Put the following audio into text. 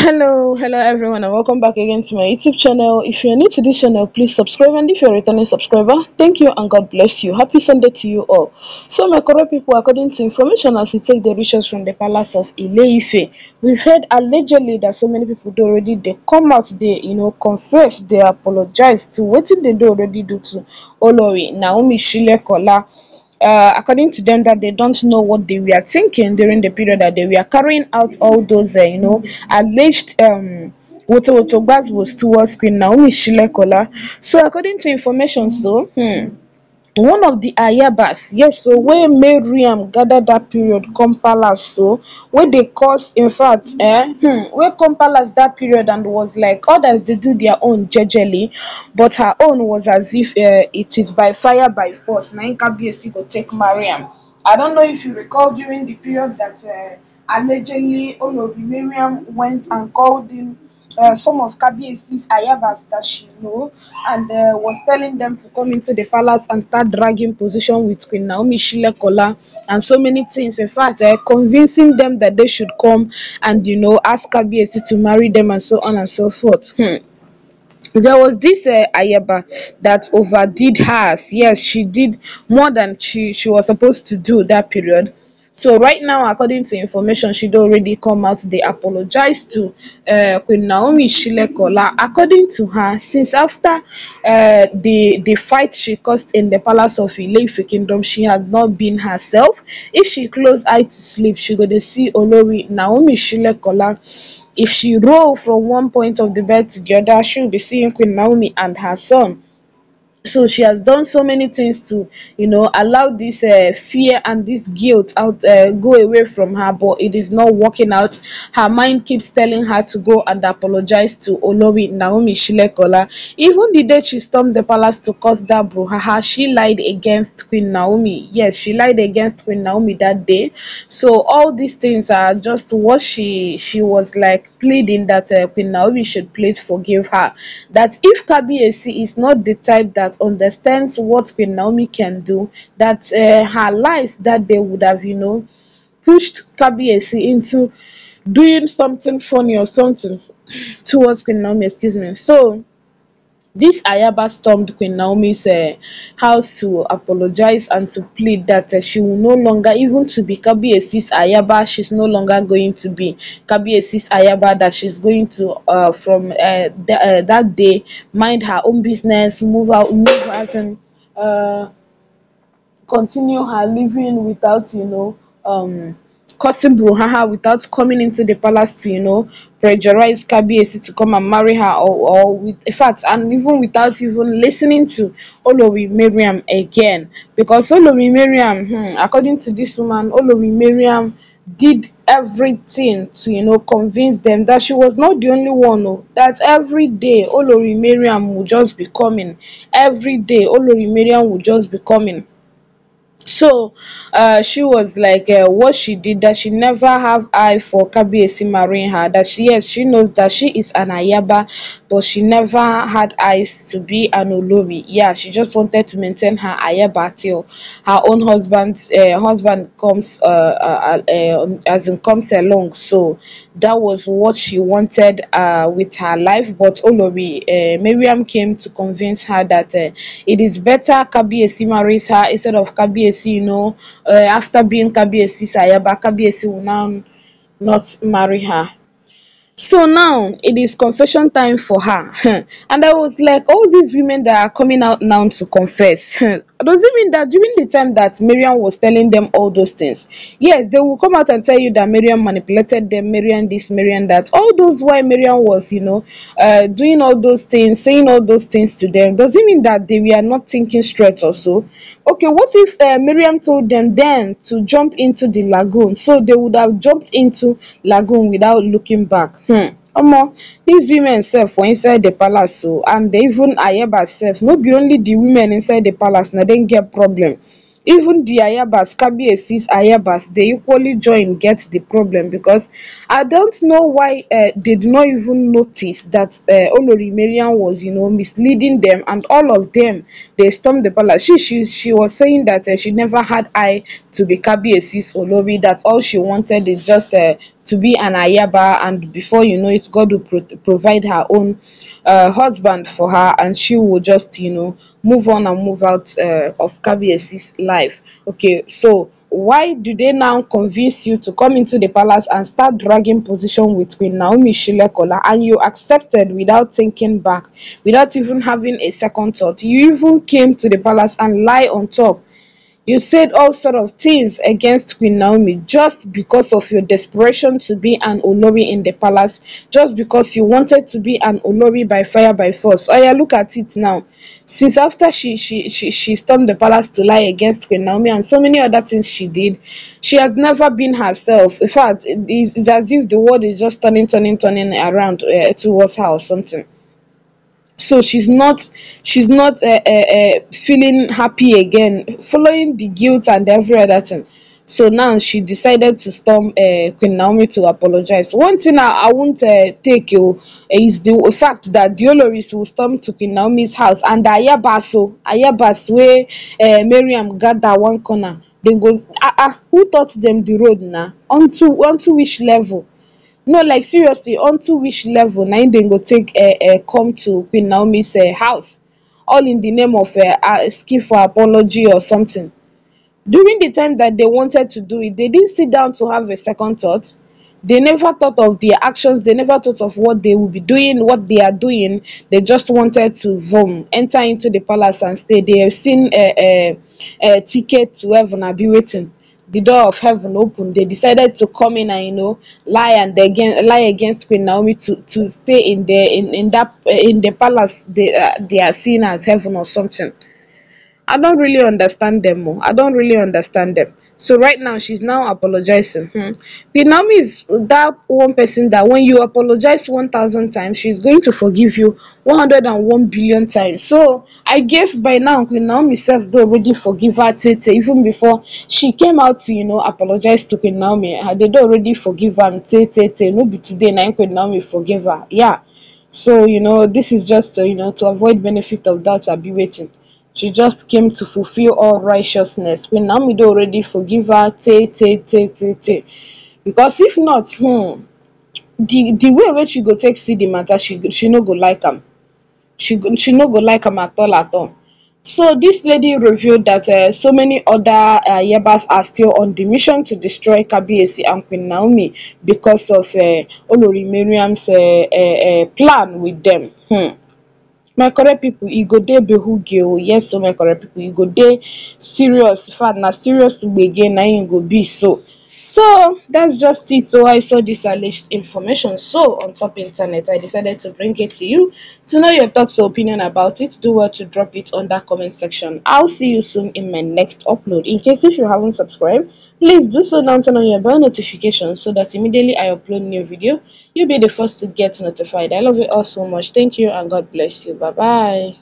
hello hello everyone and welcome back again to my youtube channel if you're new to this channel please subscribe and if you're a returning subscriber thank you and god bless you happy sunday to you all so my correct people according to information as we take the riches from the palace of ileife we've heard allegedly that so many people do already they come out they you know confess they apologize to what did they do already do to olori naomi shilekola uh, according to them that they don't know what they were thinking during the period that they were carrying out all those uh, you know alleged um Woto Woto was towards Queen Naomi Shilekola. So according to information, so hmm, one of the ayabas yes So where Miriam gathered that period come palace so wey dey cause fact, eh um hmm, wey come palace period and was like others, they do their own jejely but her own was as if eh, it is by fire by force na be kabiyesi go take Miriam. i don't know if you recall during the period that eh, allegedly, allegedly of Miriam went and called him uh, some of Kabiesi's ayabas that she knew and uh, was telling them to come into the palace and start dragging position with Queen Naomi Shilekola and so many things. In fact, uh, convincing them that they should come and, you know, ask Kabiesi to marry them and so on and so forth. Hmm there was this uh, ayaba that overdid hers yes she did more than she she was supposed to do that period so right now according to information she would already come out They apologise to uh, queen naomi shilekola according to her since after uh, the the fight she caused in the palace of ileife kingdom she had not been herself if she close eyes to sleep she go to see olori naomi shilekola if she roll from one point of the bed to the other she be seeing queen naomi and her son so she has done so many things to you know allow this uh, fear and this guilt out uh, go away from her but it is not working out her mind keeps telling her to go and apologize to olori naomi shilekola even the day she stormed the palace to cause that brouhaha she lied against queen naomi yes she lied against queen naomi that day so all these things are just what she she was like pleading that uh, queen naomi should please forgive her that if kabi is not the type that that understands what Queen Naomi can do, that uh, her lies that they would have, you know, pushed Kabiesi into doing something funny or something towards Queen Naomi, excuse me. So this Ayaba stormed Queen Naomi's uh, house to apologize and to plead that uh, she will no longer, even to be sis Ayaba, she's no longer going to be sis Ayaba, that she's going to, uh, from uh, eh, th uh, that day, mind her own business, move out, move out, and uh, continue her living without, you know, um, causing Bruhaha, without coming into the palace to, you know, pressurize Kabiesi to come and marry her or, or with, in fact, and even without even listening to Olowi Miriam again. Because Olowi Miriam, hmm, according to this woman, Olowi Miriam did everything to, you know, convince them that she was not the only one, no, oh, that every day Olori Miriam would just be coming. Every day Olori Miriam would just be coming. So uh, she was like, uh, what she did, that she never have eye for Kabiesi marrying her. That she, yes, she knows that she is an Ayaba, but she never had eyes to be an Olobi. Yeah, she just wanted to maintain her Ayaba till her own husband, uh, husband comes, uh, uh, uh, um, as in comes along. So that was what she wanted with her life. But Olobi, Miriam came to convince her that it is better Kabiesi marries her instead of Kabiesi you know, uh, after being Kabiesi Sayaba, Kabiesi will now not marry her. So now it is confession time for her. Hmm. and I was like, all these women that are coming out now to confess, hmm, does it mean that during the time that Miriam was telling them all those things, yes, they will come out and tell you that Miriam manipulated them, Miriam this, Miriam that. All those why Miriam was, you know, uh, doing all those things, saying all those things to them, does it mean that they were not thinking straight or so? Okay, what if uh, Miriam told them then to jump into the lagoon? So they would have jumped into lagoon without looking back. um omo dis women sef for inside the palace oo oh, and even ayaba sef no be only the women inside the palace na dem get problem even the ayabas kabiyesi's ayabas they equally join get the problem because i don't know why eh, they did not even notice that eh, olori Merian was know, misleading them and all of them. They storm the palace she she she was saying that eh, she never had eye to be kabiyesi's olori That all she wanted is just to be an ayaba and before you know it god will provide her own husband for her and she will just you know move on and move out uh, of KBS's life. Okay, so why do they now convince you to come into the palace and start dragging position with Queen Naomi Shilekola and you accepted without thinking back, without even having a second thought? You even came to the palace and lie on top you said all sort of things against Queen Naomi just because of your desperation to be an Olori in the palace, just because you wanted to be an Olori by fire by force. Oh yeah, look at it now. Since after she she she, she stormed the palace to lie against Queen Naomi and so many other things she did, she has never been herself. In fact, it's, it's as if the world is just turning, turning, turning around uh, towards her or something so she's not she's not uh, uh, uh, feeling happy again following the guilt and every other thing so now she decided to storm queen naomi to apologize one thing i, I won't take you oh, is the fact that the oloris will storm to queen naomi's house and the ayabaso oh, ayabas where uh, miriam that one corner they go ah, ah who taught them the road now nah? onto onto which level no like seriously onto which level Now they go take eh, eh, come to queen naomi's eh, house all in the name of a asking for apology or something during the time that they wanted to do it they didn't sit down to have a second thought they never thought of their actions they never thought of what they will be doing what they are doing they just wanted to vom enter into the palace and stay they have seen a ticket to heaven be waiting the door of heaven opened. They decided to come in and you know lie and again lie against Queen Naomi to to stay in the in in that in the palace they uh, they are seen as heaven or something. I don't really understand them. More. Oh. I don't really understand them. So right now she's now apologizing. Hmm. The norm is that one person that when you apologize one thousand times, she's going to forgive you one hundred and one billion times. So I guess by now Queen Naomi self do already forgive her Tete even before she came out to you know apologize to Queen Naomi. Uh, they do already forgive her Tete. No be today now Queen Naomi forgive her. Yeah. So you know this is just uh, you know to avoid benefit of doubt. I'll be waiting. She just came to fulfill all righteousness. When Namide already forgive her, te, te, te, te, te. Because if not, hmm, the, the way which she go take see the matter, she, she no go like him. She, she no go like him at all at all. So this lady revealed that uh, so many other uh, eh, Yebas are still on the mission to destroy Kabiesi and Queen Naomi because of uh, Olori Miriam's uh, uh, plan with them. Hmm. my correct people, e go dey gbege o yes so my correct people, e go dey serious infact na serious gbege na im e go be so so that's just it so i saw this alleged information so on top internet i decided to bring it to you to know your thoughts or opinion about it do well to drop it on that comment section i'll see you soon in my next upload in case if you haven't subscribed please do so now turn on your bell notification so that immediately i upload new video you'll be the first to get notified i love you all so much thank you and god bless you bye bye